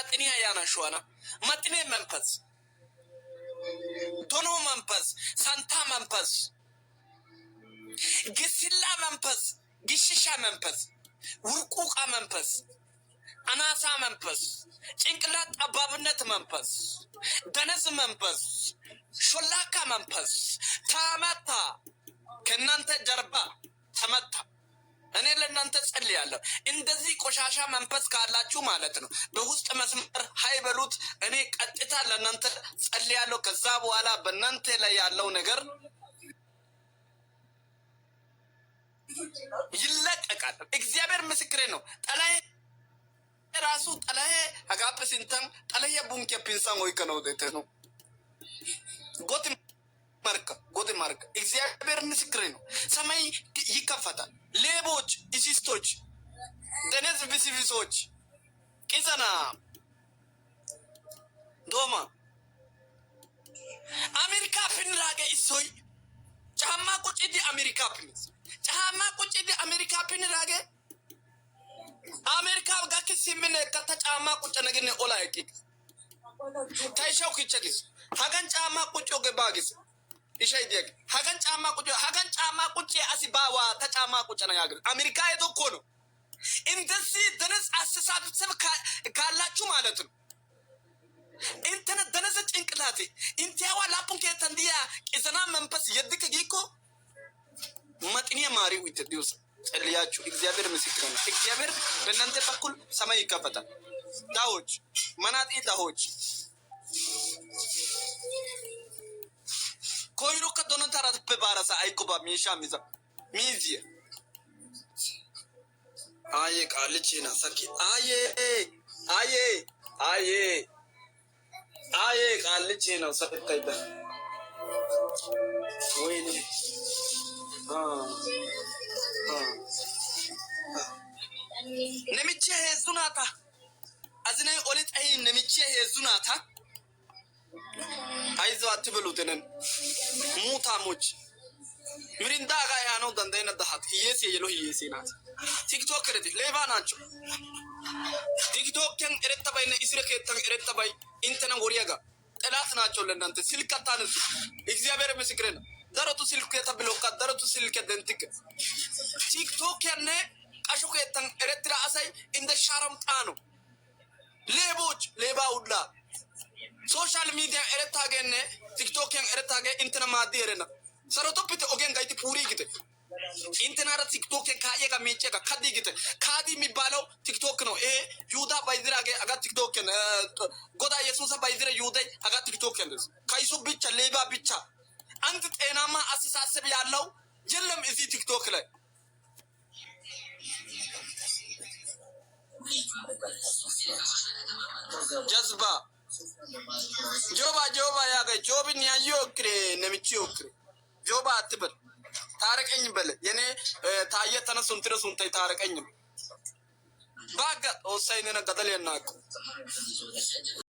መጥኔ ያናሸዋና መጥኔ መንፈስ፣ ቶኖ መንፈስ፣ ሳንታ መንፈስ፣ ግስላ መንፈስ፣ ግሽሻ መንፈስ፣ ውርቁቃ መንፈስ፣ አናሳ መንፈስ፣ ጭንቅላት ጠባብነት መንፈስ፣ ደነዝ መንፈስ፣ ሾላካ መንፈስ ተመታ። ከእናንተ ጀርባ ተመታ። ጸልያለሁ። እንደዚህ ቆሻሻ መንፈስ ካላችሁ ማለት ነው በውስጥ መስመር ሀይበሉት እኔ ቀጥታ ለእናንተ ጸልያለሁ። ከዛ በኋላ በእናንተ ላይ ያለው ነገር ይለቀቃል። እግዚአብሔር ምስክሬ ነው። ጠላይ ራሱ ጠላይ አጋፕ ሲንተም ጠላይ ቡንኬ ፒንሳን ወይከ ነው ነው ጎት መርከ ጎጥ ማድረግ እግዚአብሔር ምስክሬ ነው። ሰማይ ይከፈታል። ሌቦች፣ እሲስቶች፣ ደነዝ ብስብሶች፣ ቂጸና ዶማ አሜሪካ ፕንራገ እሶይ ጫማ ቁጭድ አሜሪካ ፕንስ ጫማ ቁጭድ አሜሪካ ፕንራገ አሜሪካ ጋክስ የምን ከተ ጫማ ቁጭ ነግን ኦላ ታይሻው ክቸግስ ሀገን ጫማ ቁጭ ገባግስ ይሸይደቅ ሀገን ጫማ ቁጭ ሀገን ጫማ ቁጭ አሲባዋ ተጫማ ቁጭ ነው ያገር አሜሪካ ሄዶ እኮ ነው እንደዚህ ደነዝ አስተሳሰብ ካላችሁ ማለት ነው። እንተነ ደነዝ ጭንቅላቴ እንቲያዋ ላፑን ከተንዲያ ቅዘና መንፈስ የድቅ ጊኮ መጥኔ ማሪ ዊትዲውስ ጸልያችሁ እግዚአብሔር ምስክር ነው። እግዚአብሔር በእናንተ በኩል ሰማይ ይከፈታል። ዳዎች መናጢ ዳዎች koyirokka donon tarafı barasa aykuba miishaa miza miiziya aye qaalichi na saki aye aye aye aye qaalichi na sakittayda wayne namichi heezzu naata azinay oli xahin namichi heezzu naata አትበሉትንን ሙታሞች ምሪንዳ ጋ ያ ነው ደንደይነ ዳሃት እየሴ የሎ እየሴ ናት ቲክቶክ ረቲ ሌባ ናቸው። ቲክቶክን ረተባይና እስረ ከተን ረተባይ እንተነ ወሪያጋ ጠላት ናቸው። ለእናንተ ስልክ አታነሱ። እግዚአብሔር ምስክሬ ነው። ደረቱ ስልክ ተብሎካ ደረቱ ስልክ ደንትክ ቲክቶክ ያነ ቀሾ ከተን ኤርትራ አሳይ እንደ ሻረምጣ ነው። ሌቦች ሌባ ሁላ ሶሻል ሚዲያ ኤረታገነ ቲክቶኪያን ኤረታገ እንትና ማዲ ኤረና ሰሮቶፕቴ ኦጌን ጋይቲ ፑሪ ግቴ ኢንተናራ ቲክቶክን ካየጋ ሜጨጋ ካዲ ግቴ ካዲ የሚባለው ቲክቶክ ነው። ይሄ ይሁዳ ባይዝራገ አጋ ቲክቶክን ጎዳ ኢየሱስ ባይዝረ ይሁዳ አጋ ቲክቶክን ከይሱ ብቻ ሌባ ብቻ አንድ ጤናማ አስተሳሰብ ያለው የለም እዚህ ቲክቶክ ላይ ጀዝባ ጆባ ጆባ ያገ ጆብን ያዩ ወክሬ ነምቺ ወክሬ ጆባ አትበል ታረቀኝ በል የኔ ታየ ተነሱ እንትነ ሱንተ ታረቀኝም ባጋ ኦሳይነ ነቀጠል የናቁ